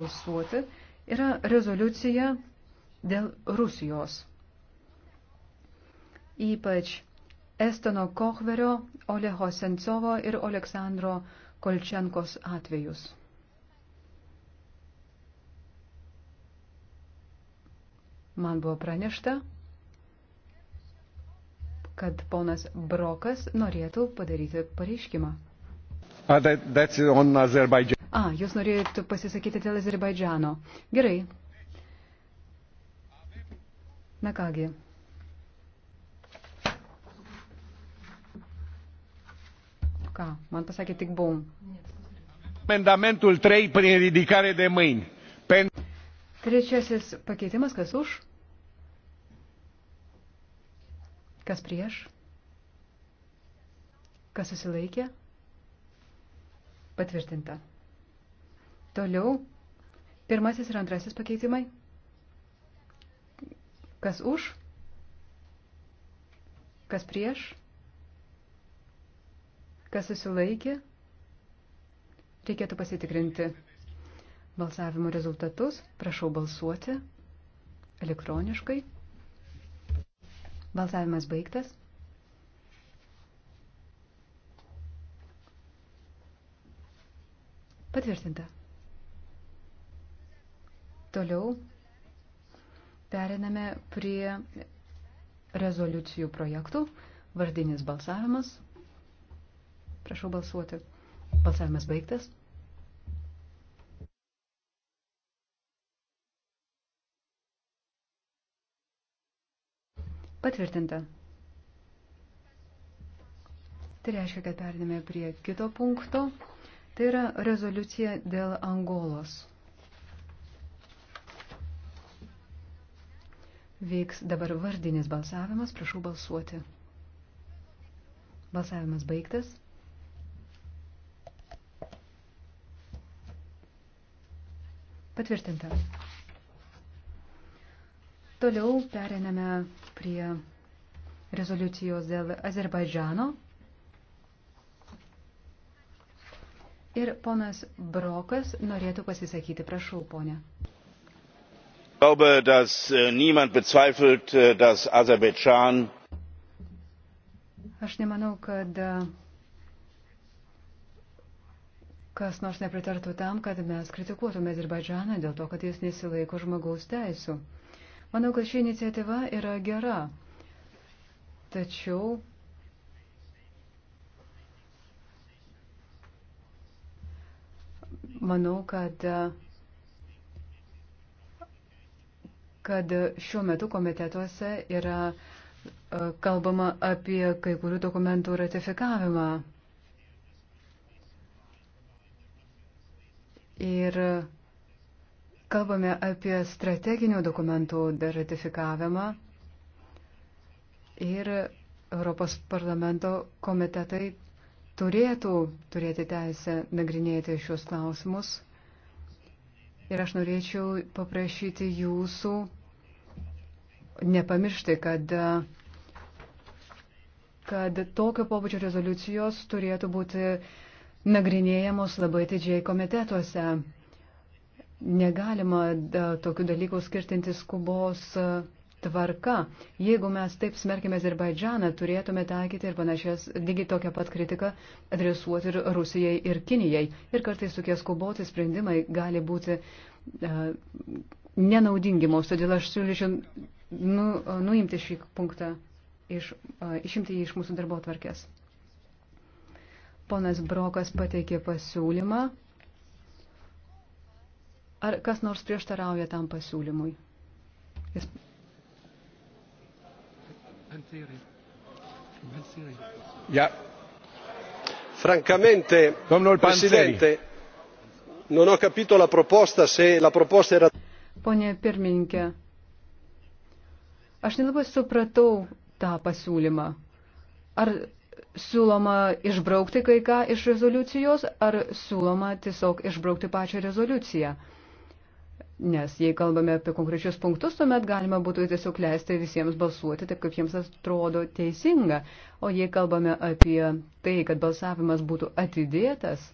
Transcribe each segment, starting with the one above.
balsuoti yra rezoliucija dėl Rusijos. Ypač Estono Kochverio, Oleho Sencovo ir Aleksandro Kolčenkos atvejus. Man buvo pranešta, kad ponas Brokas norėtų padaryti pareiškimą. Uh, that, A, jūs norėjote pasisakyti dėl Azerbaidžiano. Gerai. Na kągi. Ką? Man pasakė tik bum. Amendamentul 3 prin ridicare de mâini. Pen... Trečiasis pakeitimas, kas už? Kas prieš? Kas susilaikė? Patvirtinta. Toliau, pirmasis ir antrasis pakeitimai. Kas už? Kas prieš? Kas susilaikė? Reikėtų pasitikrinti balsavimo rezultatus. Prašau balsuoti elektroniškai. Balsavimas baigtas. Patvirtinta. Toliau periname prie rezoliucijų projektų. Vardinis balsavimas. Prašau balsuoti. Balsavimas baigtas. Patvirtinta. Tai reiškia, kad perdėme prie kito punkto. Tai yra rezoliucija dėl Angolos. Vyks dabar vardinis balsavimas, prašau balsuoti. Balsavimas baigtas. Patvirtinta. Toliau periname prie rezoliucijos dėl Azerbaidžano. Ir ponas Brokas norėtų pasisakyti. Prašau, ponė. Ich glaube, dass äh, niemand bezweifelt, äh, dass Aserbaidschan. Aš nemanau, kad e, kas nors nepritartų tam, kad mes kritikuotume Azerbaidžaną dėl to, kad jis nesilaiko žmogaus teisų. Manau, kad ši iniciatyva yra gera. Tačiau manau, kad e, kad šiuo metu komitetuose yra e, kalbama apie kai kurių dokumentų ratifikavimą. Ir kalbame apie strateginių dokumentų ratifikavimą. Ir Europos parlamento komitetai turėtų turėti teisę nagrinėti šios klausimus. Ir aš norėčiau paprašyti jūsų nepamiršti, kad, kad tokio pobūdžio rezoliucijos turėtų būti nagrinėjamos labai didžiai komitetuose. Negalima da, tokių dalykų skirtinti skubos tvarka. Jeigu mes taip smerkime Azerbaidžaną, turėtume taikyti ir panašias, lygiai tokią pat kritiką adresuoti ir Rusijai, ir Kinijai. Ir kartais tokie skuboti sprendimai gali būti uh, nenaudingi mums. Todėl aš siūlyčiau nu, nuimti šį punktą, iš, išimti jį iš mūsų darbo tvarkės. Ponas Brokas pateikė pasiūlymą. Ar kas nors prieštarauja tam pasiūlymui? Jis... Ja. Francamente, Domnul Presidente, non ho capito la proposta se la proposta era. Pone pirmininkė, Aš nelabai supratau tą pasiūlymą. Ar siūloma išbraukti kai ką iš rezoliucijos, ar siūloma tiesiog išbraukti pačią rezoliuciją? Nes jei kalbame apie konkrečius punktus, tuomet galima būtų tiesiog leisti visiems balsuoti taip, kaip jiems atrodo teisinga. O jei kalbame apie tai, kad balsavimas būtų atidėtas,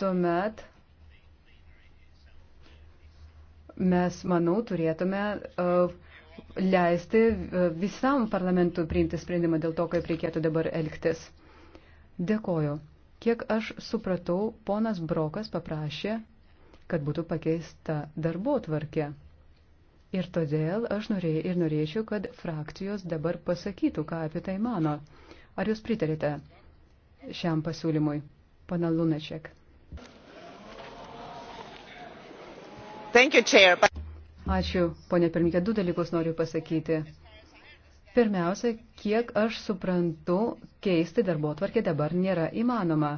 tuomet mes, manau, turėtume e, leisti e, visam parlamentui priimti sprendimą dėl to, kaip reikėtų dabar elgtis. Dėkoju. Kiek aš supratau, ponas Brokas paprašė, kad būtų pakeista darbo tvarkė. Ir todėl aš norėjau ir norėčiau, kad frakcijos dabar pasakytų, ką apie tai mano. Ar jūs pritarite šiam pasiūlymui, pana Lunačiak? You, Ačiū, ponė pirmininkė. Du dalykus noriu pasakyti. Pirmiausia, kiek aš suprantu, keisti darbo tvarkė dabar nėra įmanoma.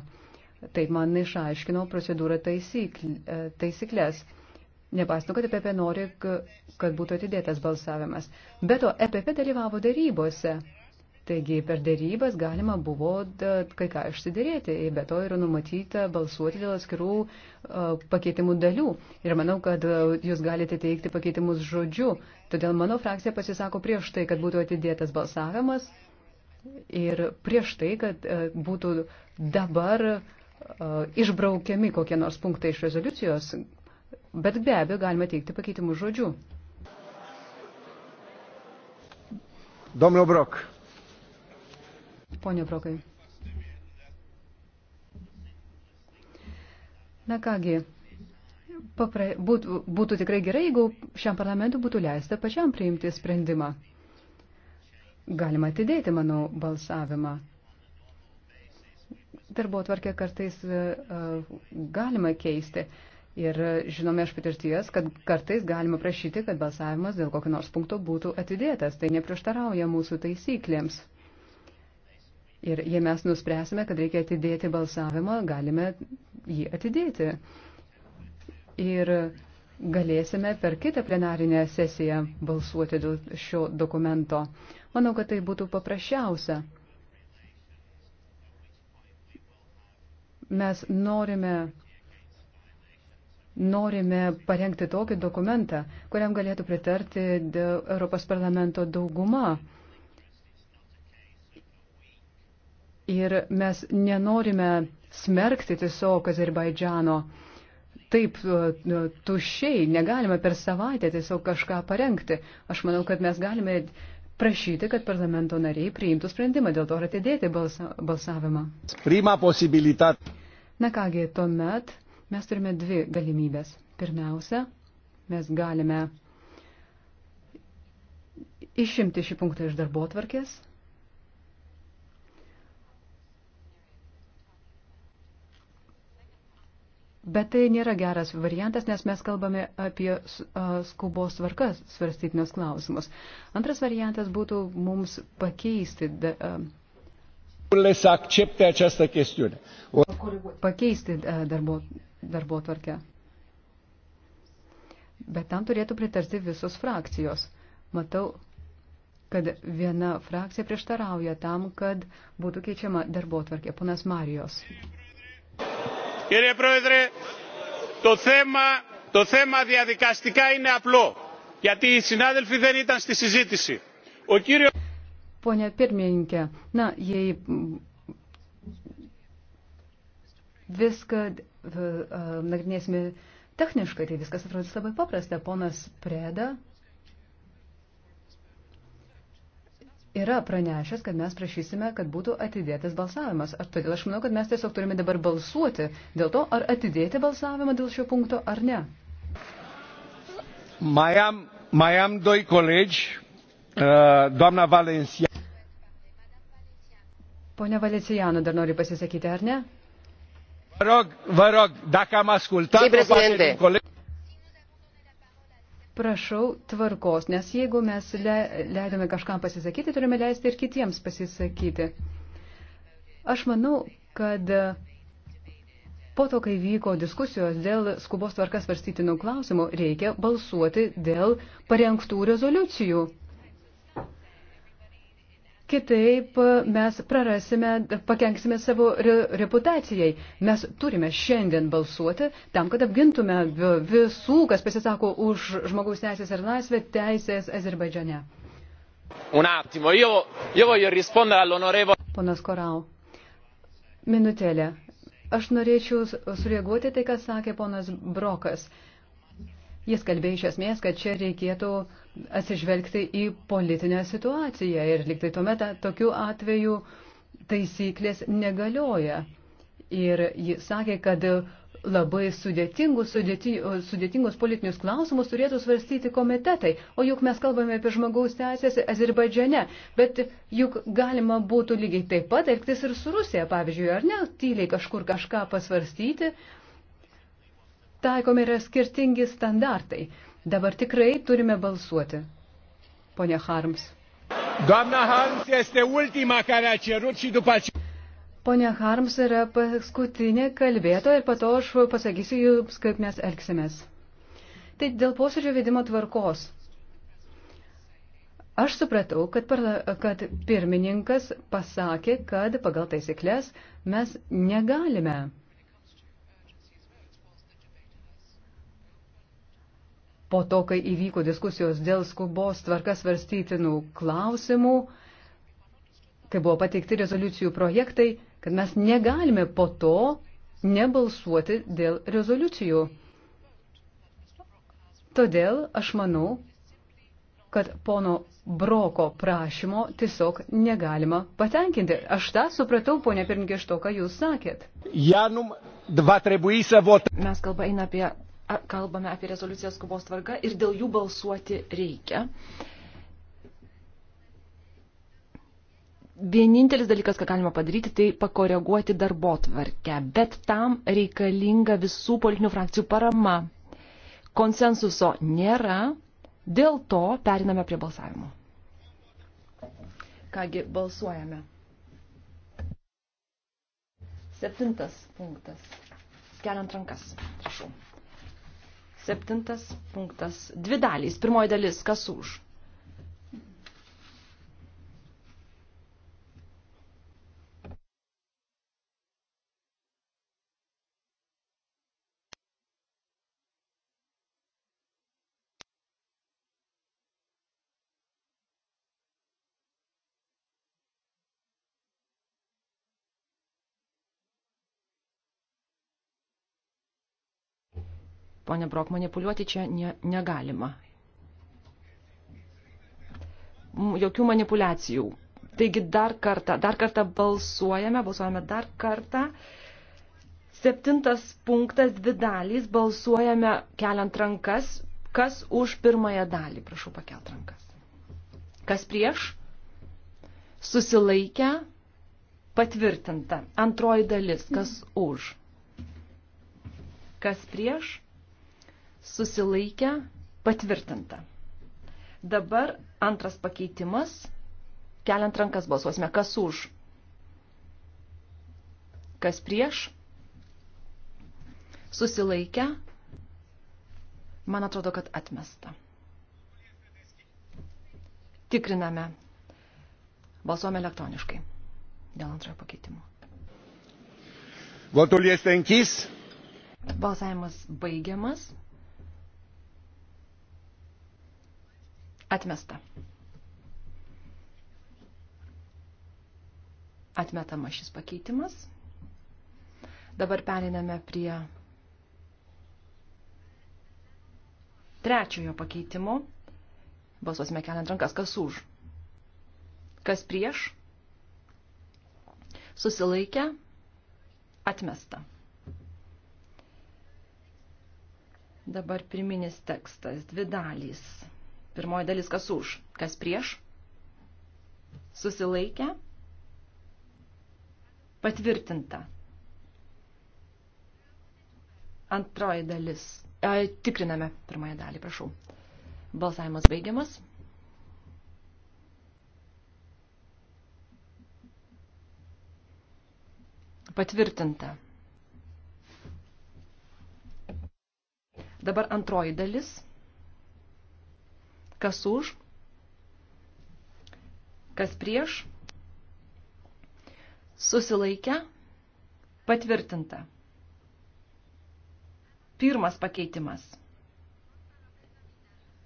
Taip man išaiškino procedūrą taisykl, e, taisyklės. Nepasinu, kad EPP nori, kad būtų atidėtas balsavimas. Be to, EPP dalyvavo darybose. Taigi per dėrybas galima buvo da, kai ką išsiderėti, be to yra numatyta balsuoti dėl atskirų uh, pakeitimų dalių. Ir manau, kad uh, jūs galite teikti pakeitimus žodžiu. Todėl mano frakcija pasisako prieš tai, kad būtų atidėtas balsavimas ir prieš tai, kad uh, būtų dabar išbraukiami kokie nors punktai iš rezoliucijos, bet be abejo galima teikti pakeitimus žodžiu. Domnul Brock. Pone Brokai. Na kągi, papra, būtų, būtų tikrai gerai, jeigu šiam parlamentui būtų leista pačiam priimti sprendimą. Galima atidėti, manau, balsavimą. Darbo tvarkė kartais uh, galima keisti. Ir žinome iš patirties, kad kartais galima prašyti, kad balsavimas dėl kokio nors punkto būtų atidėtas. Tai neprieštarauja mūsų taisyklėms. Ir jei mes nuspręsime, kad reikia atidėti balsavimą, galime jį atidėti. Ir galėsime per kitą plenarinę sesiją balsuoti dėl šio dokumento. Manau, kad tai būtų paprasčiausia. Mes norime norime parengti tokį dokumentą, kuriam galėtų pritarti Europos parlamento dauguma. Ir mes nenorime smerkti tiesiog Azerbaidžiano taip e, e, tušiai, negalime per savaitę tiesiog kažką parengti. Aš manau, kad mes galime prašyti, kad parlamento nariai priimtų sprendimą dėl to ir atidėti balsa, balsavimą. Prima posibilitat. Na kągi, tuomet mes turime dvi galimybės. Pirmiausia, mes galime išimti šį punktą iš darbo tvarkės Bet tai nėra geras variantas, nes mes kalbame apie skubos tvarkas svarstytinius klausimus. Antras variantas būtų mums pakeisti. Pakeisti darbo, darbo tvarkę. Bet tam turėtų pritarti visos frakcijos. Matau, kad viena frakcija prieštarauja tam, kad būtų keičiama darbo tvarkė. Ponas Marijos. Κύριε Πρόεδρε, το θέμα, το θέμα διαδικαστικά είναι απλό, γιατί οι συνάδελφοι δεν ήταν στη συζήτηση. Ο κύριο... Pone pirmininkė, na, jei viską nagrinėsime techniškai, tai viskas atrodys labai paprasta. Ponas Preda yra pranešęs, kad mes prašysime, kad būtų atidėtas balsavimas. Aš, todėl aš manau, kad mes tiesiog turime dabar balsuoti dėl to, ar atidėti balsavimą dėl šio punkto ar ne. Mai am, mai am doi colegi, uh, doamna Valencia. Pone Valenciano, dar nori pasisakyti, ar ne? Vă rog, vă rog, dacă am ascultat... Sí, președinte. Coleg prašau tvarkos, nes jeigu mes le, leidome kažkam pasisakyti, turime leisti ir kitiems pasisakyti. Aš manau, kad po to, kai vyko diskusijos dėl skubos tvarkas svarstytinų klausimų, reikia balsuoti dėl parengtų rezoliucijų. Kitaip e, mes prarasime, pakenksime savo re, reputacijai. Mes turime šiandien balsuoti tam, kad apgintume visų, kas pasisako už žmogaus teisės ir laisvę, teisės Azerbaidžiane. Un attimo, io, io voglio rispondere all'onorevole. Ponas Korau, minutėlė. Aš norėčiau sureaguoti tai, ką sakė ponas Brokas. Uh, Jis kalbėjo iš esmės, kad čia reikėtų atsižvelgti į politinę situaciją ir liktai tuomet tokiu atveju taisyklės negalioja. Ir jis sakė, kad labai sudėtingus, sudėti, sudėtingus politinius klausimus turėtų svarstyti komitetai. O juk mes kalbame apie žmogaus teisės Azerbaidžiane, bet juk galima būtų lygiai taip pat elgtis ir su Rusija, pavyzdžiui, ar ne, tyliai kažkur kažką pasvarstyti taikomi yra skirtingi standartai. Dabar tikrai turime balsuoti. Pone Harms. Doamna Harms este ultima care a cerut și după aceea. Pone Harms yra paskutinė kalbėtoja ir po to aš pasakysiu jums, kaip mes elgsimės. Tai dėl posėdžio vedimo tvarkos. Aš supratau, kad, parla, kad pirmininkas pasakė, kad pagal taisyklės mes negalime po to, kai įvyko diskusijos dėl skubos tvarkas varstytinų klausimų, kai buvo pateikti rezoliucijų projektai, kad mes negalime po to nebalsuoti dėl rezoliucijų. Todėl aš manau, kad pono Broko prašymo tiesiog negalima patenkinti. Aš tą supratau, ponė pirmininkė, iš to, ką jūs sakėt. Janum, va trebui să vot. Mes kalba eina apie kalbame apie rezoliuciją skubos tvarka ir dėl jų balsuoti reikia. Vienintelis dalykas, ką galima padaryti, tai pakoreguoti darbo tvarkę, bet tam reikalinga visų politinių frakcijų parama. Konsensuso nėra, dėl to periname prie balsavimo. Kągi, balsuojame. Septintas punktas. Keliant rankas. Prašau. Septintas punktas. Dvi dalys. Pirmoji dalis. Kas už? Pone Brok, manipuliuoti čia ne, negalima. Jokių manipulacijų. Taigi dar kartą, dar kartą balsuojame, balsuojame dar kartą. Septintas punktas, dvi dalys, balsuojame keliant rankas. Kas už pirmąją dalį? Prašau pakelt rankas. Kas prieš? Susilaikę, patvirtinta. Antroji dalis, kas už? Kas prieš? susilaikę, patvirtinta. Dabar antras pakeitimas. Keliant rankas balsuosime, kas už, kas prieš, susilaikę, man atrodo, kad atmesta. Tikriname. Balsuome elektroniškai dėl antrojo pakeitimo. Votul este închis. Balsavimas baigiamas. Atmesta. Atmetama šis pakeitimas. Dabar periname prie trečiojo pakeitimo. Balsuosime keliant rankas, kas už. Kas prieš? Susilaikę? Atmesta. Dabar priminis tekstas, dvi dalys. Pirmoji dalis kas už, kas prieš, susilaikę, patvirtinta. Antroji dalis. E, tikriname pirmąją dalį, prašau. Balsavimas baigiamas. Patvirtinta. Dabar antroji dalis. Kas už? Kas prieš? Susilaikę? Patvirtinta. Pirmas pakeitimas.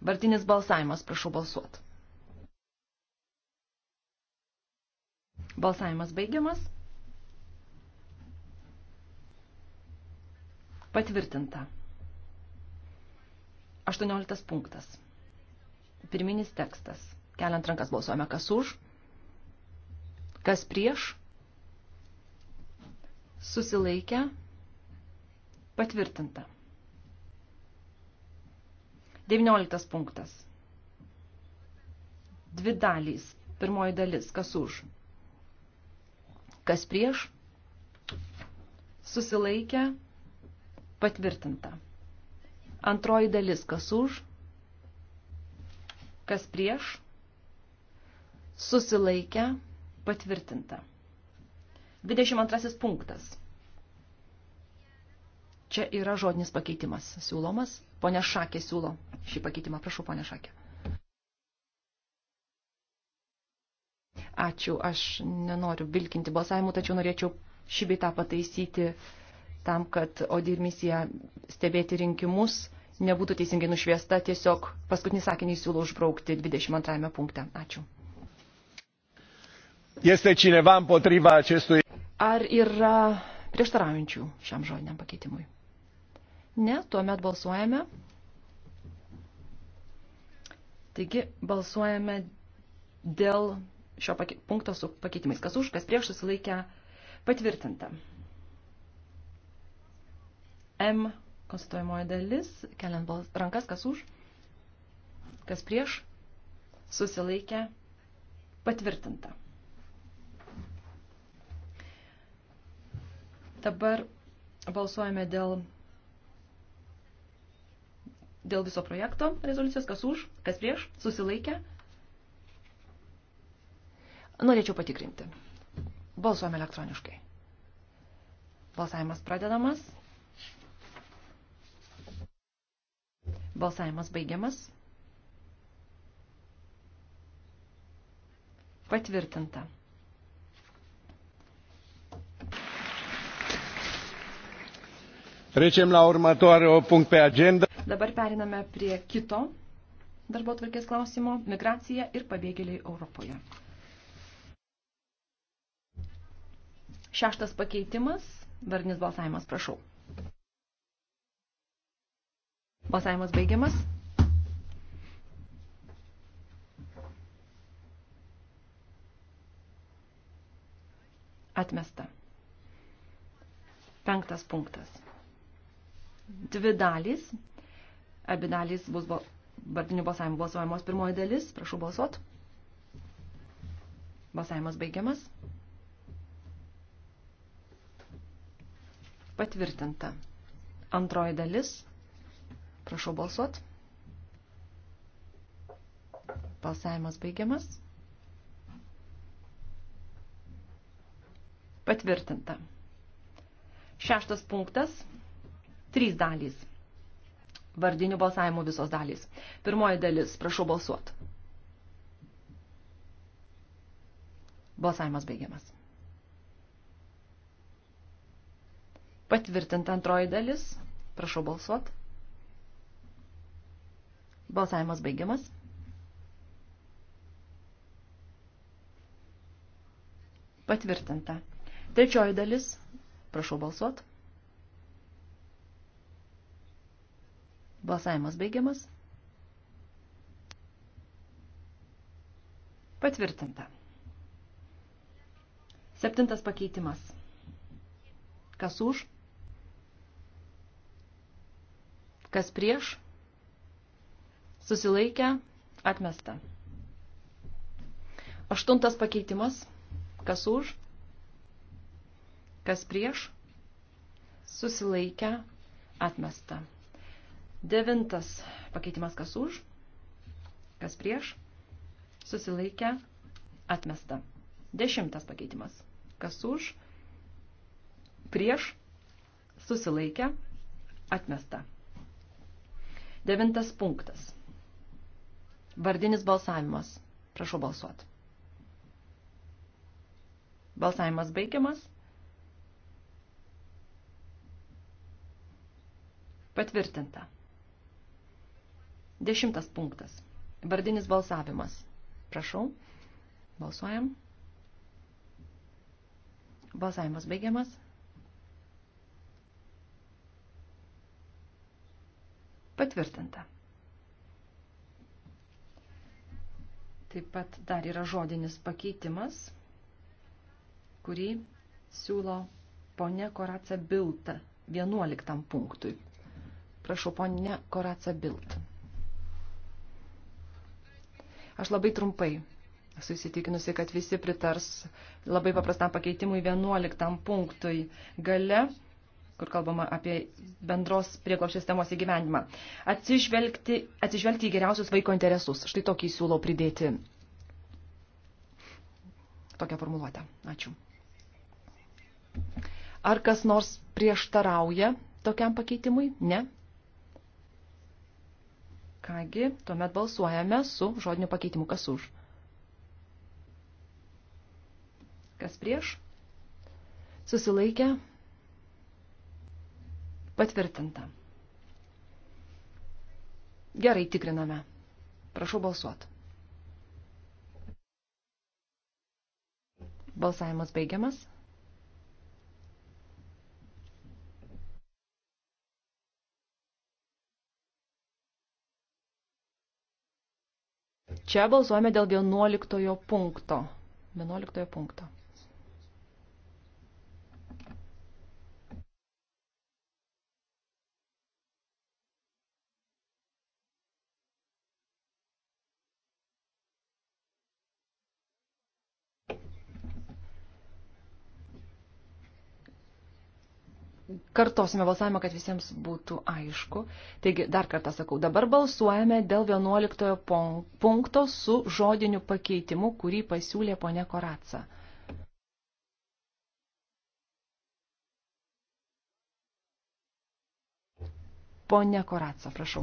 Vartinis balsavimas, prašau balsuot. Balsavimas baigiamas. Patvirtinta. 18 punktas pirminis tekstas. Keliant rankas balsuojame, kas už, kas prieš, susilaikę, patvirtinta. 19 punktas. Dvi dalys. Pirmoji dalis, kas už, kas prieš, susilaikę, patvirtinta. Antroji dalis, kas už, kas prieš, susilaikę, patvirtinta. 22 punktas. Čia yra žodinis pakeitimas siūlomas. Pone Šakė siūlo šį pakeitimą. Prašau, pone Šakė. Ačiū, aš nenoriu vilkinti balsavimu, tačiau norėčiau šį beitą pataisyti tam, kad Odirmisija stebėti rinkimus nebūtų teisingai nušviesta, tiesiog paskutinį sakinį siūlau užbraukti 22 punkte. Ačiū. Este cineva împotriva acestui... Ar yra prieštaraujančių šiam žodiniam pakeitimui? Ne, tuomet balsuojame. Taigi balsuojame dėl šio pake, punkto su pakeitimais. Kas už, kas prieš susilaikę patvirtinta. M Konstatuojamoji dalis, keliant rankas, kas už, kas prieš, susilaikė, patvirtinta. Dabar balsuojame dėl, dėl viso projekto rezoliucijos, kas už, kas prieš, susilaikė. Norėčiau patikrinti. Balsuojame elektroniškai. Balsavimas pradedamas. Balsavimas baigiamas. Patvirtinta. Trecem la următorul punct pe agenda. Dabar periname prie kito darbo tvarkės klausimo – migracija ir pabėgėliai Europoje. Šeštas pakeitimas – varnis balsavimas, prašau. Balsavimas baigiamas. Atmesta. Penktas punktas. Dvi dalys. Abi dalys bus vardinių balsavimų balsuojamos pirmoji dalis. Prašau balsuot. Balsavimas baigiamas. Patvirtinta. Antroji dalis. Prašau balsuot. Balsavimas baigiamas. Patvirtinta. Šeštas punktas. Trys dalys. Vardinių balsavimų visos dalys. Pirmoji dalis. Prašau balsuot. Balsavimas baigiamas. Patvirtinta antroji dalis. Prašau balsuot. Balsavimas baigiamas. Patvirtinta. Trečioji dalis. Prašau balsuot. Balsavimas baigiamas. Patvirtinta. Septintas pakeitimas. Kas už? Kas prieš? susilaikę, atmesta. Aštuntas pakeitimas, kas už, kas prieš, susilaikę, atmesta. Devintas pakeitimas, kas už, kas prieš, susilaikę, atmesta. Dešimtas pakeitimas, kas už, prieš, susilaikę, atmesta. Devintas punktas. Vardinis balsavimas. Prašau balsuoti. Balsavimas baigiamas. Patvirtinta. Dešimtas punktas. Vardinis balsavimas. Prašau. Balsuojam. Balsavimas baigiamas. Patvirtinta. Taip pat dar yra žodinis pakeitimas, kurį siūlo ponė Koraca Bilta 11 punktui. Prašau, ponė Koraca Bilta. Aš labai trumpai esu įsitikinusi, kad visi pritars labai paprastam pakeitimui 11 punktui. Gale kur kalbama apie bendros prieglobščio sistemos įgyvendimą. Atsižvelgti, atsižvelgti į geriausius vaiko interesus. Štai tokį siūlau pridėti. Tokią formuluotę. Ačiū. Ar kas nors prieštarauja tokiam pakeitimui? Ne. Kągi, tuomet balsuojame su žodiniu pakeitimu. Kas už? Kas prieš? Susilaikę? Patvirtinta. Gerai, tikriname. Prašau balsuot. Balsavimas baigiamas. Čia balsuojame dėl 11 punkto. 11 punkto. Kartosime balsavimą, kad visiems būtų aišku. Taigi, dar kartą sakau, dabar balsuojame dėl 11 punkto su žodiniu pakeitimu, kurį pasiūlė ponė Koratsa. Pone Koratsa, prašau.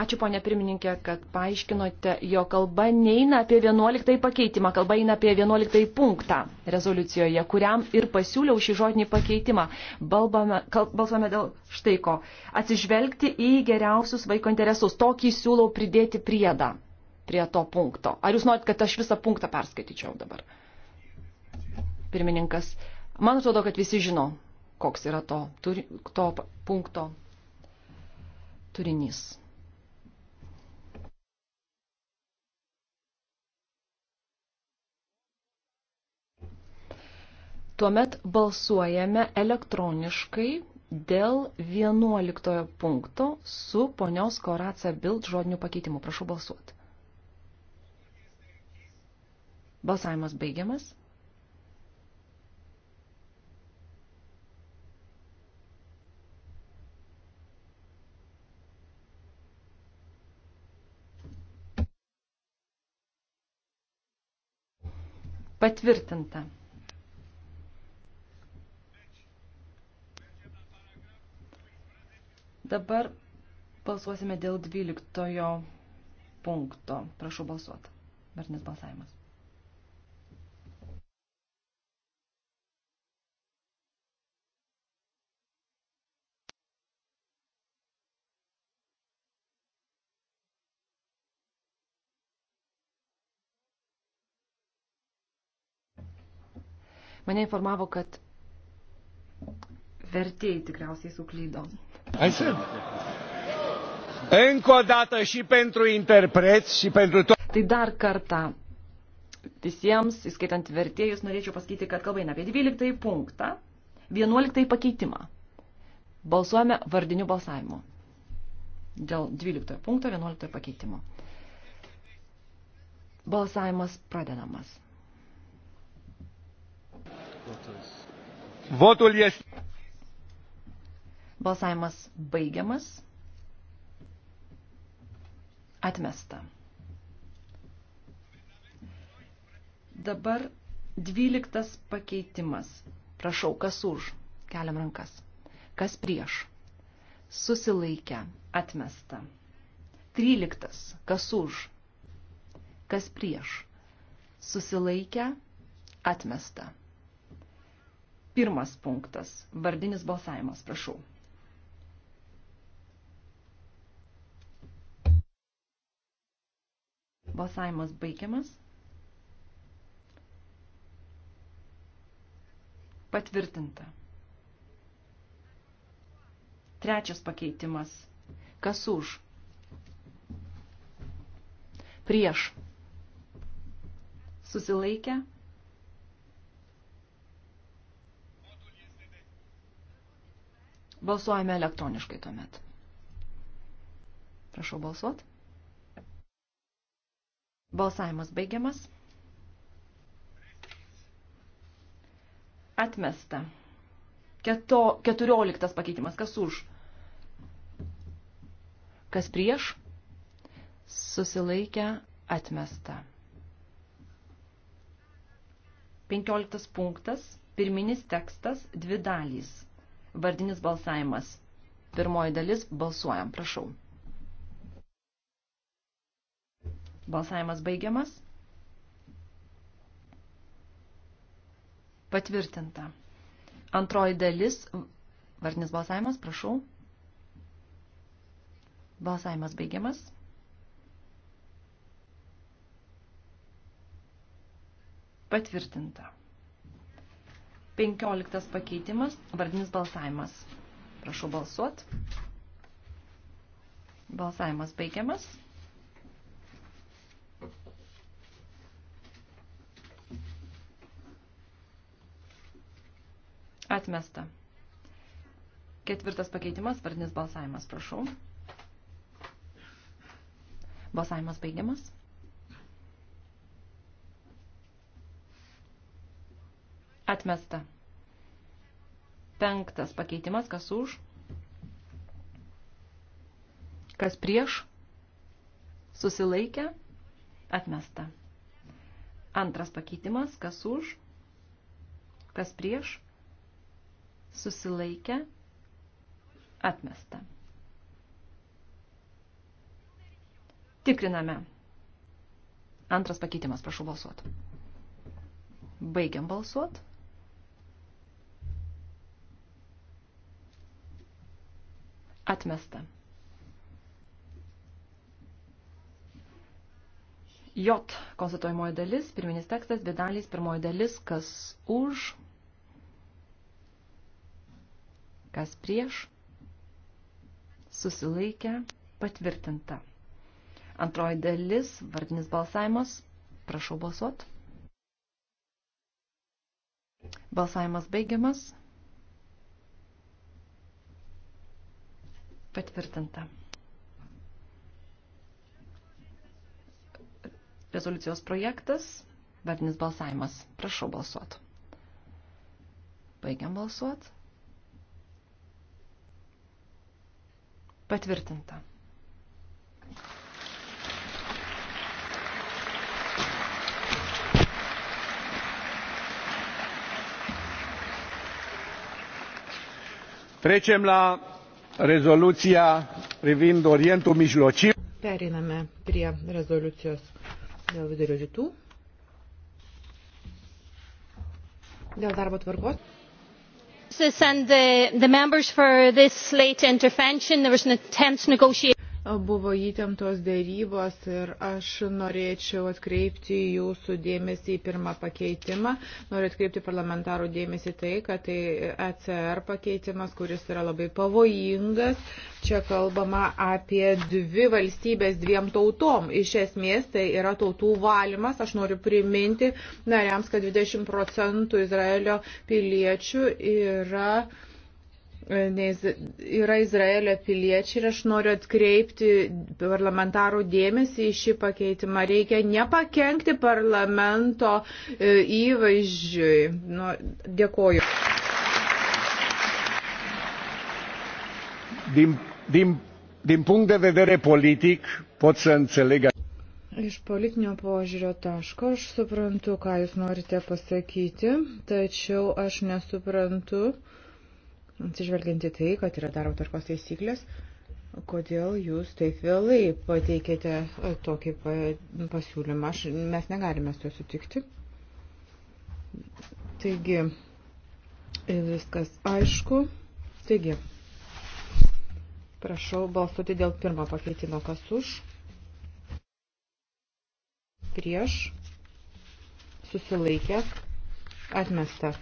Ačiū, ponė pirmininkė, kad paaiškinote, jo kalba neina apie 11 pakeitimą, kalba eina apie 11 punktą rezoliucijoje, kuriam ir pasiūliau šį žodinį pakeitimą. Balbame, kal, balsame dėl štai ko. Atsižvelgti į geriausius vaiko interesus. Tokį siūlau pridėti priedą prie to punkto. Ar jūs norit, kad aš visą punktą perskaityčiau dabar? Pirmininkas, man atrodo, kad visi žino, koks yra to, turi, to punkto turinys. Tuomet balsuojame elektroniškai dėl 11 punkto su ponios Koraca Bild žodiniu pakeitimu. Prašau balsuoti. Balsavimas baigiamas. Patvirtinta. Dabar balsuosime dėl 12 punkto. Prašau balsuoti. Vertinis balsavimas. Mane informavo, kad vertėjai tikriausiai suklydo. Încă o dată și pentru interpreți și pentru toți. Tai dar kartą visiems, įskaitant vertėjus, norėčiau pasakyti, kad kalba eina apie 12 punktą, 11 pakeitimą. Balsuojame vardiniu balsavimu. Dėl 12 punkto 11 pakeitimo. Balsavimas pradedamas. Votul este. Balsavimas baigiamas. Atmesta. Dabar dvyliktas pakeitimas. Prašau, kas už? Keliam rankas. Kas prieš? Susilaikę. Atmesta. Tryliktas. Kas už? Kas prieš? Susilaikę. Atmesta. Pirmas punktas. Vardinis balsavimas, prašau. Balsavimas baigiamas. Patvirtinta. Trečias pakeitimas. Kas už? Prieš. Susilaikę. Balsuojame elektroniškai tuomet. Prašau balsuot. Balsavimas baigiamas. Atmesta. Keto, keturioliktas pakeitimas. Kas už? Kas prieš? Susilaikę atmesta. Penkioliktas punktas. Pirminis tekstas. Dvi dalys. Vardinis balsavimas. Pirmoji dalis balsuojam, prašau. Balsavimas baigiamas. Patvirtinta. Antroji dalis. Vardinis balsavimas, prašau. Balsavimas baigiamas. Patvirtinta. 15 pakeitimas, vardinis balsavimas. Prašau balsuot. Balsavimas baigiamas. Atmesta. Ketvirtas pakeitimas, vardinis balsavimas, prašau. Balsavimas baigiamas. Atmesta. Penktas pakeitimas, kas už, kas prieš, susilaikė, atmesta. Antras pakeitimas, kas už, kas prieš, susilaikė, atmesta. Tikriname. Antras pakeitimas, prašau balsuoti. Baigiam balsuoti. Atmesta. J konstatuojamoji dalis, pirminis tekstas, dvi dalys, pirmoji dalis, kas už, kas prieš, susilaikę, patvirtinta. Antroji dalis, vardinis balsavimas, prašau balsuot. Balsavimas baigiamas. Patvirtinta. Rezoliucijos projektas, vardinis balsavimas. Prašau balsuot. Baigiam balsuot. Patvirtinta. Trecem la rezoliucija privind Orientul Mișlociu. Pereiname prie rezoliucijos dėl vidurio rytų. Dėl darbo tvarkos. And the, the members for this late intervention. There was an attempt to negotiate buvo įtemptos dėrybos ir aš norėčiau atkreipti jūsų dėmesį į pirmą pakeitimą. Noriu atkreipti parlamentarų dėmesį tai, kad tai ECR pakeitimas, kuris yra labai pavojingas. Čia kalbama apie dvi valstybės dviem tautom. Iš esmės tai yra tautų valymas. Aš noriu priminti nariams, kad 20 procentų Izraelio piliečių yra yra Izraelio piliečiai ir aš noriu atkreipti parlamentarų dėmesį į šį pakeitimą. Reikia nepakengti parlamento e, įvaizdžiui. Nu, dėkoju. Din, din, din punct de vedere politic pot să înțeleg. Iš politinio požiūrio taško aš suprantu, ką jūs norite pasakyti, tačiau aš nesuprantu, uh, atsižvelgianti tai, kad yra darbo tarkos taisyklės, kodėl jūs taip vėlai pateikėte e, tokį pasiūlymą. Aš, mes negalime su juo sutikti. Taigi, e, viskas aišku. Taigi, prašau balsuoti dėl pirmo pakeitimo, kas už, prieš, susilaikęs, atmesta.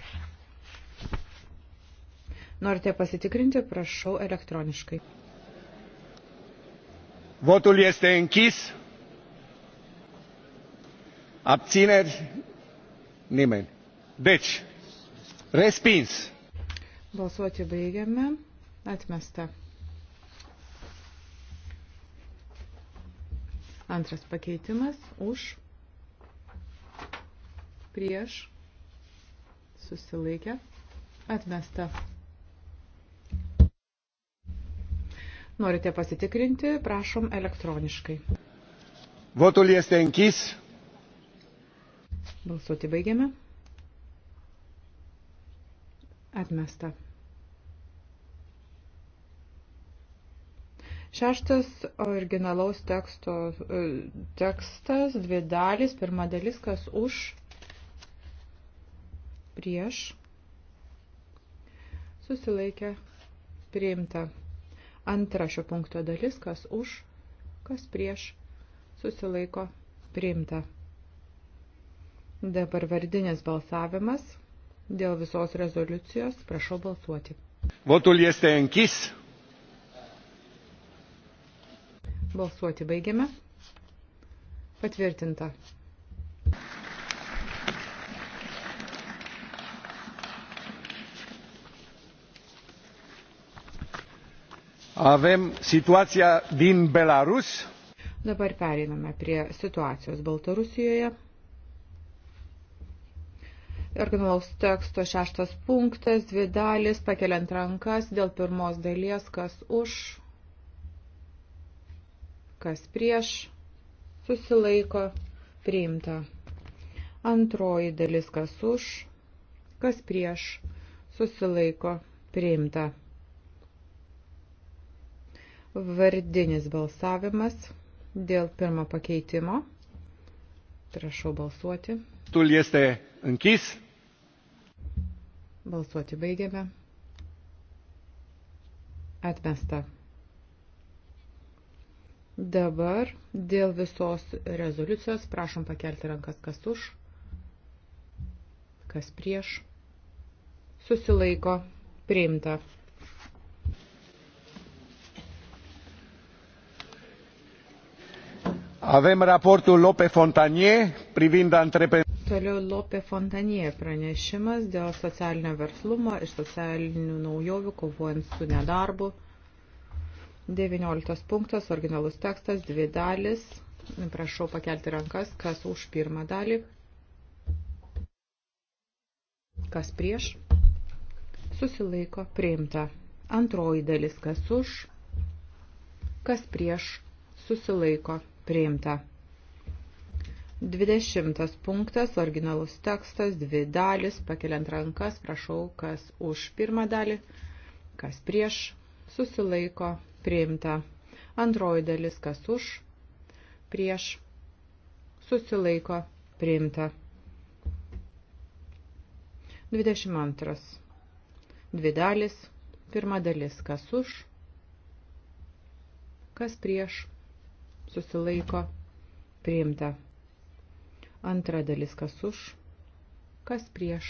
Norite pasitikrinti, prašau elektroniškai. Votul este închis. Abțineri? Nimeni. Deci, respins. Balsuoti baigiame. Atmesta. Antras pakeitimas už, prieš, susilaikę, atmesta. Norite pasitikrinti, prašom elektroniškai. Votul este închis. Balsuoti baigiame. Atmesta. Šeštas originalaus teksto, e, tekstas, dvi dalys, pirma dalis, kas už, prieš, susilaikė, priimta. Antra šio punkto dalis, kas už, kas prieš, susilaiko priimta. Dabar vardinis balsavimas dėl visos rezoliucijos. Prašau balsuoti. Votul este închis. Balsuoti baigiame. Patvirtinta. Avem situația din Belarus. Dabar pereiname prie situacijos Baltarusijoje. Originalaus teksto šeštas punktas, dvi dalis, pakeliant rankas dėl pirmos dalies, kas už, kas prieš, susilaiko, priimta. Antroji dalis, kas už, kas prieš, susilaiko, priimta. Vardinis balsavimas dėl pirmo pakeitimo. Prašau balsuoti. Tul este închis. Balsuoti baigiame. Atmesta. Dabar dėl visos rezoliucijos prašom pakelti rankas kas už, kas prieš. Susilaiko. Priimta. Avem raportul Lope Fontanie privind antreprenoriatą. Toliau Lope Fontanie pranešimas dėl socialinio verslumo ir socialinių naujovių kovojant su nedarbu. 19 punktas, originalus tekstas, dvi dalis. Prašau pakelti rankas, kas už pirmą dalį, kas prieš. Susilaiko priimta. Antroji dalis, kas už, kas prieš. Susilaiko priimta. 20 punktas, originalus tekstas, dvi dalis, pakeliant rankas, prašau, kas už pirmą dalį, kas prieš, susilaiko, priimta. Antroji dalis, kas už, prieš, susilaiko, priimta. 22. Dvi dalis, pirma dalis, kas už, kas prieš, susilaiko, priimta. Antra dalis, kas už, kas prieš,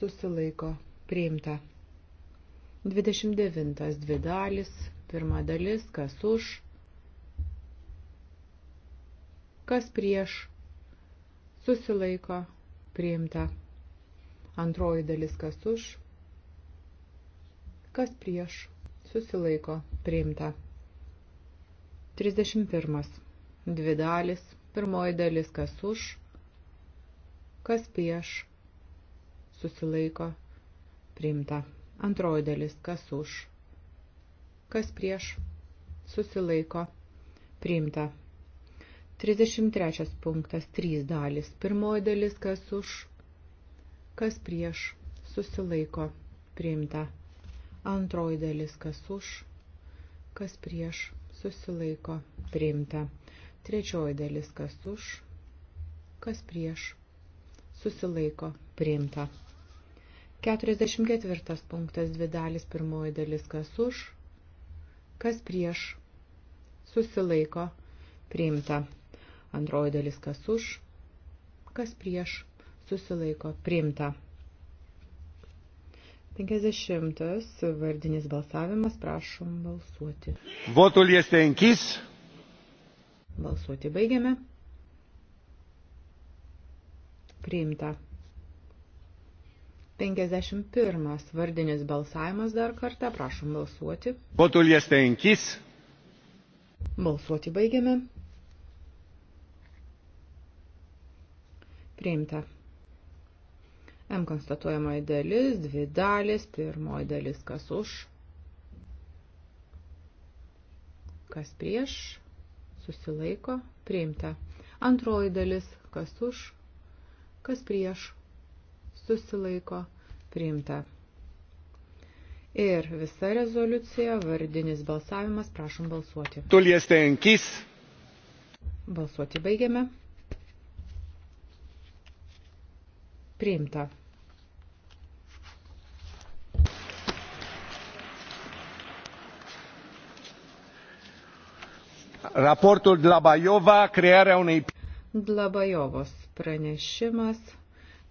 susilaiko, priimta. 29. Dvi dalis, pirma dalis, kas už, kas prieš, susilaiko, priimta. Antroji dalis, kas už, kas prieš, susilaiko, priimta. 31. Dvi dalis. Pirmoji dalis kas už, kas prieš, susilaiko, priimta. Antroji dalis kas už, kas prieš, susilaiko, priimta. 33 punktas, 3 dalis. Pirmoji dalis kas už, kas prieš, susilaiko, priimta. Antroji dalis kas už, kas prieš, susilaiko priimta. Trečioji dalis kas už, kas prieš, susilaiko priimta. 44 punktas dvi dalis pirmoji dalis kas už, kas prieš, susilaiko priimta. Antroji dalis kas už, kas prieš, susilaiko priimta. 50 vardinis balsavimas, prašom balsuoti. Votul este închis. Balsuoti baigiame. Priimta. 51 vardinis balsavimas dar kartą, prašom balsuoti. Votul este închis. Balsuoti baigiame. Priimta. M konstatuojamoji dalis, dvi dalis, pirmoji dalis kas už, kas prieš, susilaiko, priimta. Antroji dalis kas už, kas prieš, susilaiko, priimta. Ir visa rezoliucija, vardinis balsavimas, prašom balsuoti. Tulies tenkis. Balsuoti baigiame. priimta. Raportul Dlabajova, crearea unei... Dlabajovos pranešimas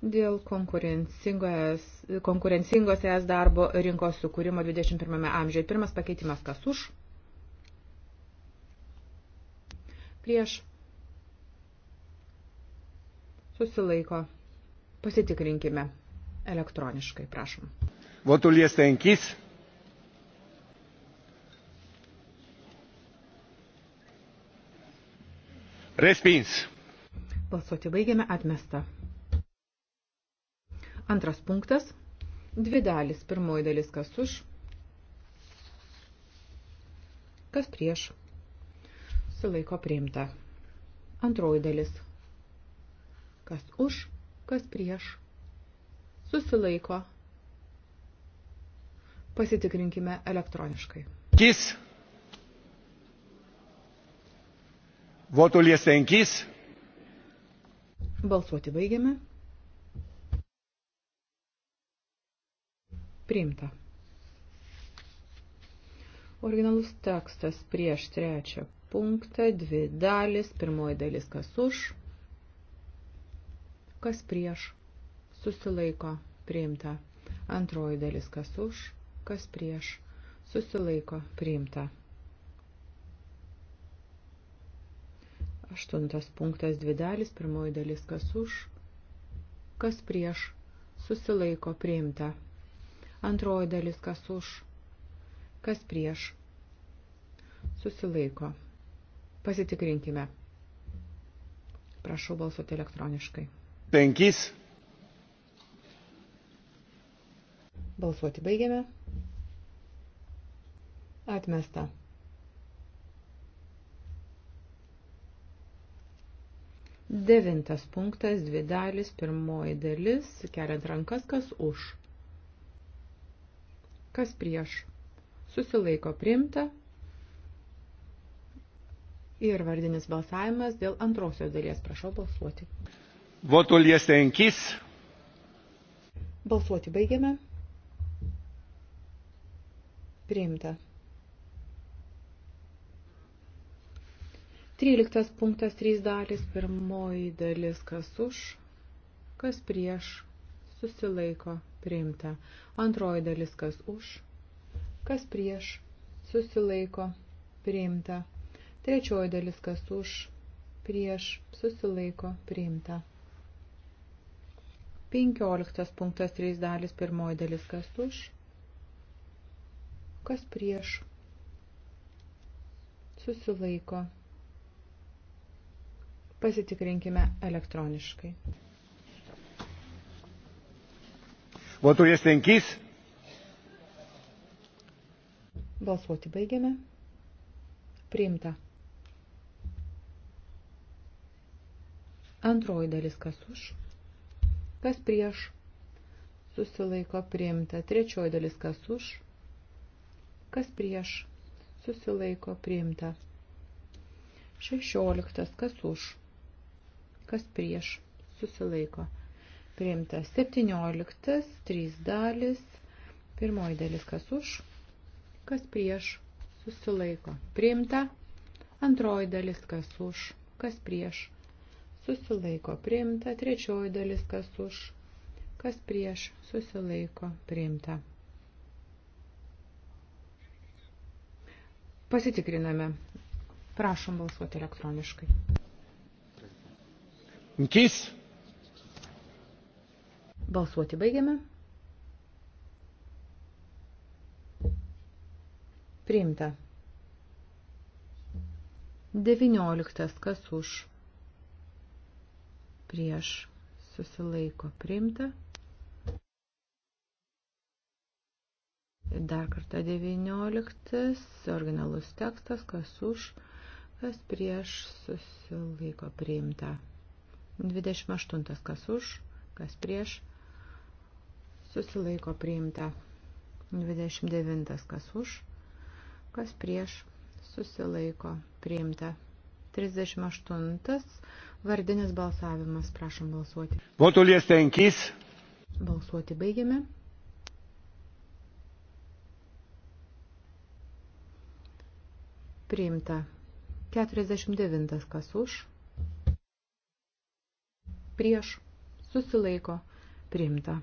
dėl konkurencingos, konkurencingos ES darbo rinkos sukūrimo 21 amžiuje. Pirmas pakeitimas kas už? Prieš. Susilaiko. Pasitikrinkime elektroniškai, prašom. Votul este închis. Respins. Balsuoti baigiame atmestą. Antras punktas. Dvi dalis. Pirmoji dalis kas už, kas prieš. Sulaiko priimta. Antroji dalis. Kas už, kas prieš, susilaiko. Pasitikrinkime elektroniškai. Kis. Votul este închis. Balsuoti baigiame. Priimta. Originalus tekstas prieš trečią punktą, dvi dalis, pirmoji dalis kas už, kas prieš, susilaiko, priimta. Antroji dalis, kas už, kas prieš, susilaiko, priimta. Aštuntas punktas, dvi dalis, pirmoji dalis, kas už, kas prieš, susilaiko, priimta. Antroji dalis, kas už, kas prieš, susilaiko. Pasitikrinkime. Prašau balsuoti elektroniškai. Penkis. Balsuoti baigiame. Atmesta. Devintas punktas, dvi dalis, pirmoji dalis, keliant rankas, kas už. Kas prieš. Susilaiko priimta. Ir vardinis balsavimas dėl antrosios dalies. Prašau balsuoti. Votul este închis. Balsuoti baigiame. Priimta. 13 punktas 3 dalis, pirmoji dalis kas už, kas prieš, susilaiko, priimta. Antroji dalis kas už, kas prieš, susilaiko, priimta. Trečioji dalis kas už, prieš, susilaiko, priimta. 15 punktas 3 dalis, pirmoji dalis kas už, kas prieš, susilaiko. Pasitikrinkime elektroniškai. Votul este închis. Balsuoti baigiame. Priimta. Antroji dalis kas už kas prieš, susilaiko priimta. Trečioji dalis, kas už, kas prieš, susilaiko priimta. Šešioliktas, kas už, kas prieš, susilaiko priimta. Septynioliktas, trys dalis, pirmoji dalis, kas už, kas prieš, susilaiko priimta. Antroji dalis, kas už, kas prieš, susilaiko priimta, trečioji dalis kas už, kas prieš, susilaiko priimta. Pasitikriname. Prašom balsuoti elektroniškai. Nkis. Balsuoti baigiame. Priimta. 19. Kas už? prieš susilaiko priimta. Dar kartą 19, originalus tekstas, kas už, kas prieš susilaiko priimta. 28, kas už, kas prieš susilaiko priimta. 29, kas už, kas prieš susilaiko priimta. 38 Vardinis balsavimas, prašom balsuoti. Votul este închis. Balsuoti baigiame. Priimta. 49 kas už. Prieš. Susilaiko. Priimta.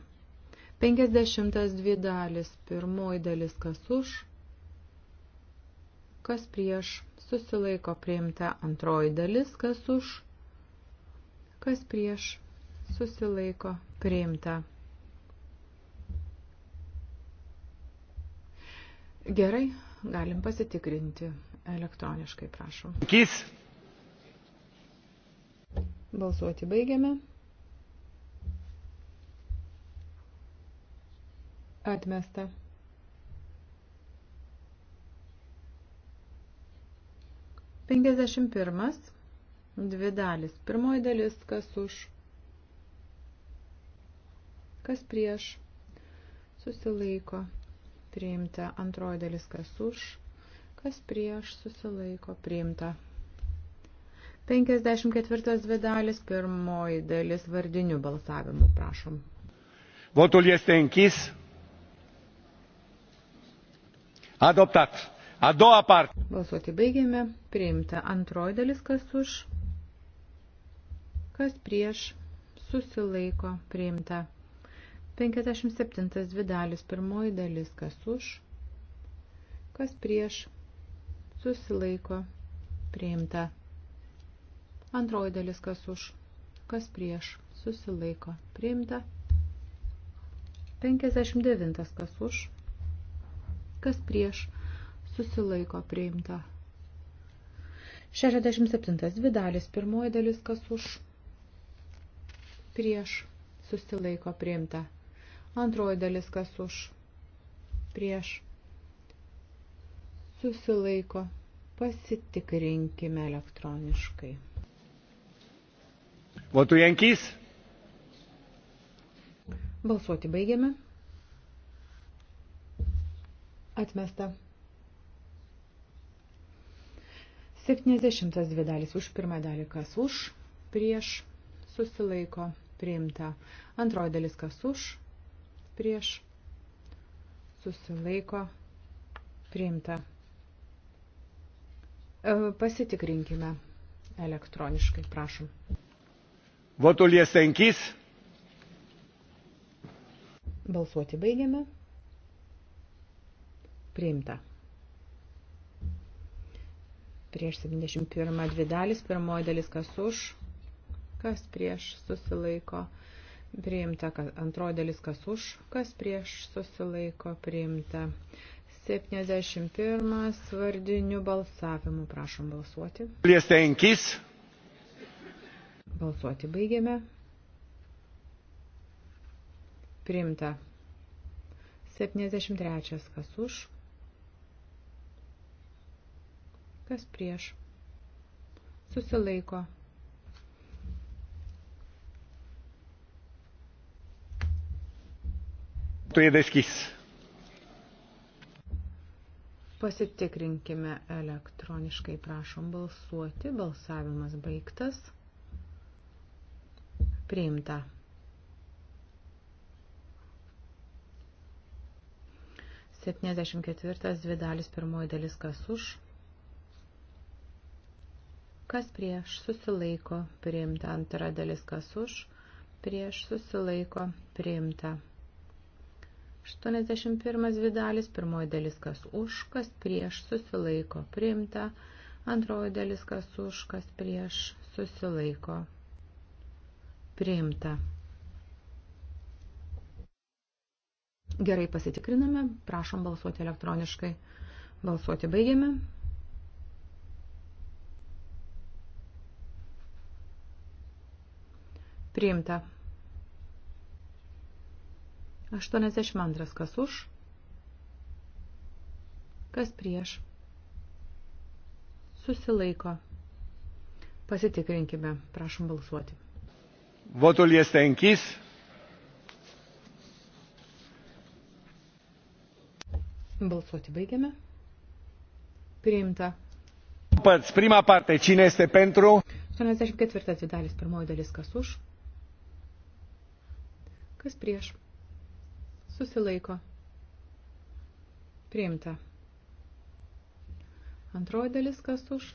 52 dalis. Pirmoji dalis kas už. Kas prieš. Susilaiko. Priimta. Antroji dalis kas už kas prieš susilaiko priimta. Gerai, galim pasitikrinti elektroniškai, prašau. Kis. Balsuoti baigiame. Atmesta. Penkiasdešimt pirmas. Dvi dalis. Pirmoji dalis, kas už, kas prieš, susilaiko, priimta. Antroji dalis, kas už, kas prieš, susilaiko, priimta. 54 dvi dalis, pirmoji dalis vardinių balsavimų, prašom. Votul este închis. Adoptat. A doua parte. Balsuoti baigėme. Priimta antroji dalis, kas už kas prieš susilaiko priimta. 57 dvi dalis, pirmoji dalis, kas už, kas prieš susilaiko priimta. Antroji dalis, kas už, kas prieš susilaiko priimta. 59 kas už, kas prieš susilaiko priimta. 67 dvi dalis, pirmoji dalis, kas už prieš susilaiko priimta. Antroji dalis kas už prieš susilaiko. Pasitikrinkime elektroniškai. Votų Jankys. Balsuoti baigiame. Atmesta. 72 dalis už pirmą dalį kas už, prieš, susilaiko, priimta. Antroji dalis kas už, prieš, susilaiko, priimta. E, pasitikrinkime elektroniškai, prašom. Votul este închis. Balsuoti baigiame. Priimta. Prieš 71 dvi dalis, pirmoji dalis kas už, kas prieš susilaiko priimta, antroji dalis kas už, kas prieš susilaiko priimta. 71 vardinių balsavimų. Prašom balsuoti. Prieš penkis. Balsuoti baigėme. Priimta. 73. Kas už? Kas prieš? Susilaiko. Tu įdaiskys. Pasitikrinkime elektroniškai, prašom balsuoti. Balsavimas baigtas. Priimta. Septyniasdešimt ketvirtas, dvi dalis, pirmoji dalis, kas už. Kas prieš, susilaiko, priimta. Antra dalis, kas už, prieš, susilaiko, priimta. 81 dvi dalis, pirmoji dalis kas už, kas prieš, susilaiko, priimta, antroji dalis kas už, kas prieš, susilaiko, priimta. Gerai pasitikriname, prašom balsuoti elektroniškai. Balsuoti baigiame. Priimta. 82. Kas už? Kas prieš? Susilaiko. Pasitikrinkime. Prašom balsuoti. Votul este închis. Balsuoti baigiame. Priimta. Pats, prima parte, cine este pentru? 84 dalis, pirmoji dalis, kas už? Kas prieš? Susilaiko. Priimta. Antroji dalis kas už.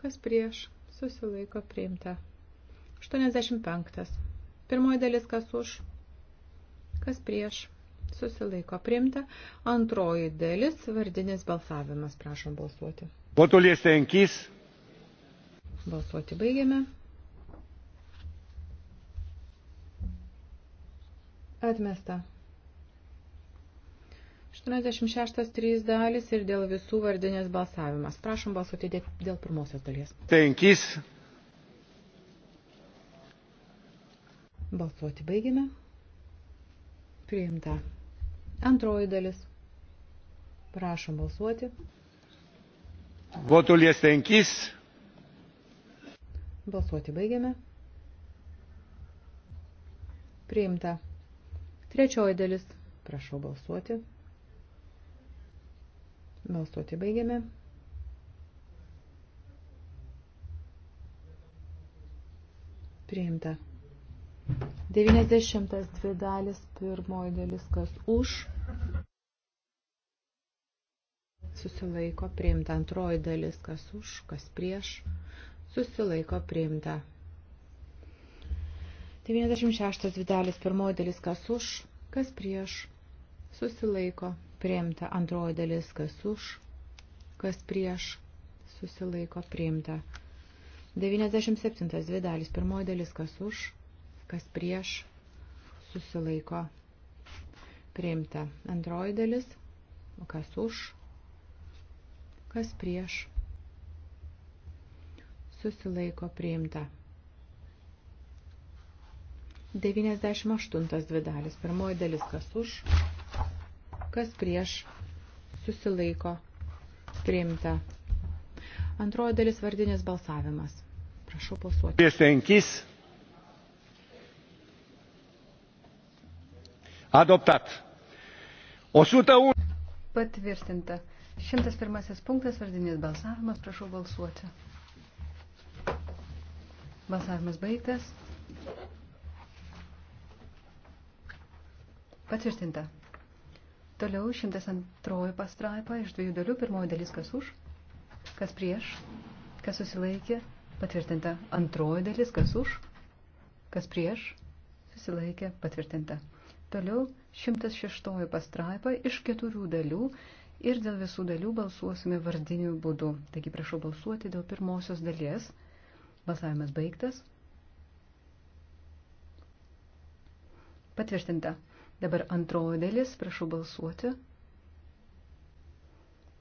Kas prieš. Susilaiko. Priimta. 85. Pirmoji dalis kas už. Kas prieš. Susilaiko. Priimta. Antroji dalis vardinis balsavimas. Prašom balsuoti. Votul este închis. Balsuoti baigiame. Atmesta. 86 trys dalis ir dėl visų vardinės balsavimas. Prašom balsuoti dėl pirmosios dalies. Penkis. Balsuoti baigime. Priimta. Antroji dalis. Prašom balsuoti. Votul este închis. Balsuoti baigiame. Priimta. Trečioji dalis. Prašau balsuoti. Balsuoti baigiame. Priimta. 92 dalis, pirmoji dalis, kas už. Susilaiko priimta antroji dalis, kas už, kas prieš. Susilaiko priimta. 96 dvi dalis, pirmoji dalis kas už, kas prieš, susilaiko, priimta. Antroji dalis kas už, kas prieš, susilaiko, priimta. 97 dvi dalis, pirmoji dalis kas už, kas prieš, susilaiko, priimta. Antroji dalis, kas už, kas prieš, susilaiko, priimta. 98 dvi dalis. Pirmoji dalis kas už, kas prieš, susilaiko, priimta. Antroji dalis vardinis balsavimas. Prašau balsuoti. Prieš penkis. Adoptat. 101. Patvirtinta. 101 punktas vardinis balsavimas. Prašau balsuoti. Balsavimas baigtas. Patvirtinta. Toliau 102 pastraipa iš dviejų dalių. Pirmoji dalis kas už, kas prieš, kas susilaikė. Patvirtinta. Antroji dalis kas už, kas prieš, susilaikė. Patvirtinta. Toliau 106 pastraipa iš keturių dalių ir dėl visų dalių balsuosime vardiniu būdu. Taigi prašau balsuoti dėl pirmosios dalies. Balsavimas baigtas. Patvirtinta. Dabar antroji dalis, prašau balsuoti.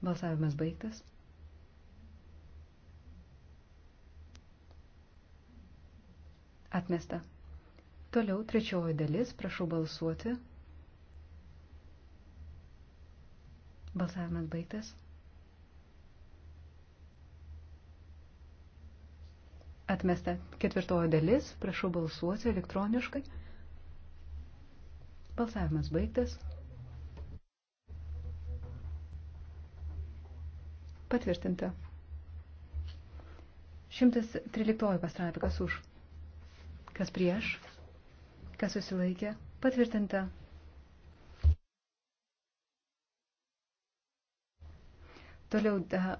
Balsavimas baigtas. Atmesta. Toliau trečioji dalis, prašau balsuoti. Balsavimas baigtas. Atmesta ketvirtoji dalis, prašau balsuoti elektroniškai. Balsavimas baigtas. Patvirtinta. 113 pastraipė, kas už, kas prieš, kas susilaikė, patvirtinta. Toliau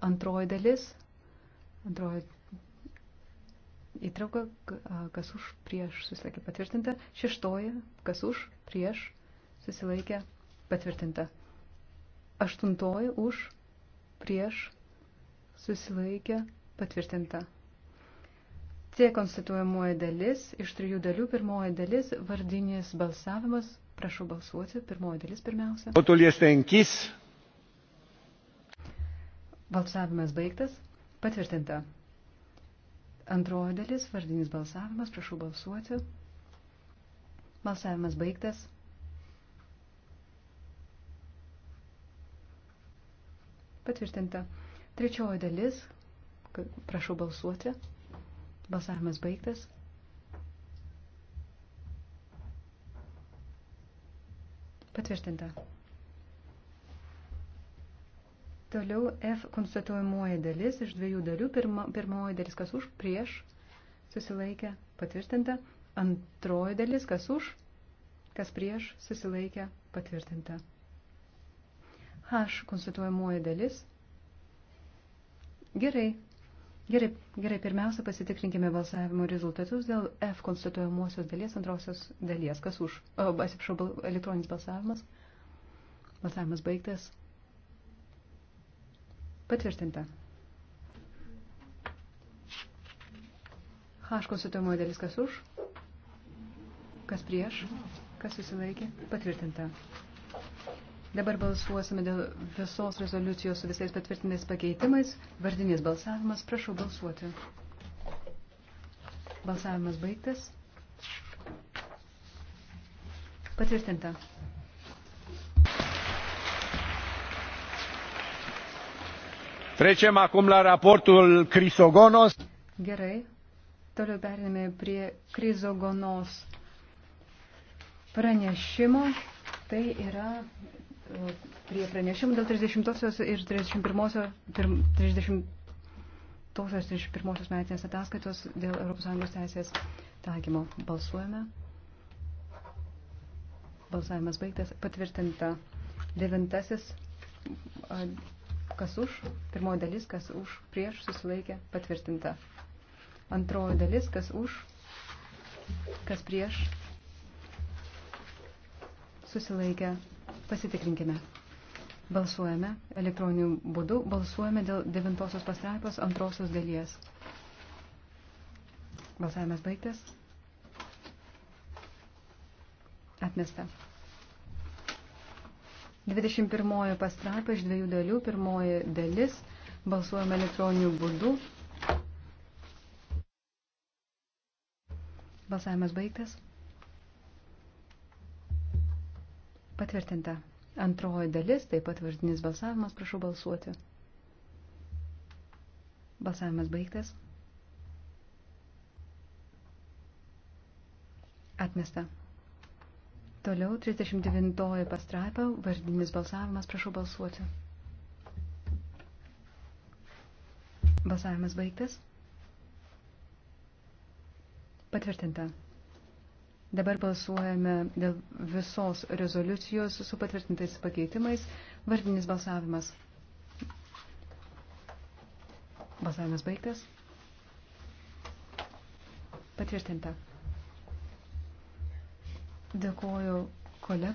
antroji dalis, antroji įtrauka, kas už prieš susilaikė patvirtinta, šeštoji, kas už prieš susilaikė patvirtinta, aštuntoji už prieš susilaikė patvirtinta. C konstituojamoji dalis, iš trijų dalių pirmoji dalis, vardinis balsavimas, prašau balsuoti, pirmoji dalis pirmiausia. Votulės tenkis. Balsavimas baigtas, patvirtinta. Antroji dalis, vardinis balsavimas, prašau balsuoti. Balsavimas baigtas. Patvirtinta. Trečioji dalis, prašau balsuoti. Balsavimas baigtas. Patvirtinta. Toliau F konstatuojamoji dalis iš dviejų dalių. Pirma, pirmoji dalis kas už, prieš, susilaikė, patvirtinta. Antroji dalis kas už, kas prieš, susilaikė, patvirtinta. H konstatuojamoji dalis. Gerai. Gerai, gerai, pirmiausia pasitikrinkime balsavimo rezultatus dėl F konstatuojamosios dalies, antrosios dalies. Kas už? O, atsiprašau, elektroninis balsavimas. Balsavimas baigtas. Patvirtinta. H konsultuojamoji dalis kas už, kas prieš, kas susilaikė. Patvirtinta. Dabar balsuosime dėl visos rezoliucijos su visais patvirtintais pakeitimais. Vardinis balsavimas. Prašau balsuoti. Balsavimas baigtas. Patvirtinta. Trecem acum la raportul Crisogonos. Gerai. Toliau periname prie Krizogonos pranešimo. Tai yra prie pranešimų dėl 30-osios ir 31-osios 30 31 metinės ataskaitos dėl ES teisės taikymo. Balsuojame. Balsavimas baigtas. Patvirtinta devintasis Kas už? Pirmoji dalis, kas už, prieš, susilaikė, patvirtinta. Antroji dalis, kas už, kas prieš, susilaikė, pasitikrinkime. Balsuojame elektroniniu būdu, balsuojame dėl devintosios pastraipos antrosios dalies. Balsavimas baigtas. Atmesta. 21 pastraipa iš dviejų dalių. Pirmoji dalis. Balsuojame elektroniniu būdu. Balsavimas baigtas. Patvirtinta. Antroji dalis, taip pat vardinis balsavimas, prašau balsuoti. Balsavimas baigtas. Atmesta. Toliau 39 pastraipa, vardinis balsavimas, prašau balsuoti. Balsavimas baigtas. Patvirtinta. Dabar balsuojame dėl visos rezoliucijos su patvirtintais pakeitimais. Vardinis balsavimas. Balsavimas baigtas. Patvirtinta. Dėkuoju kolegai.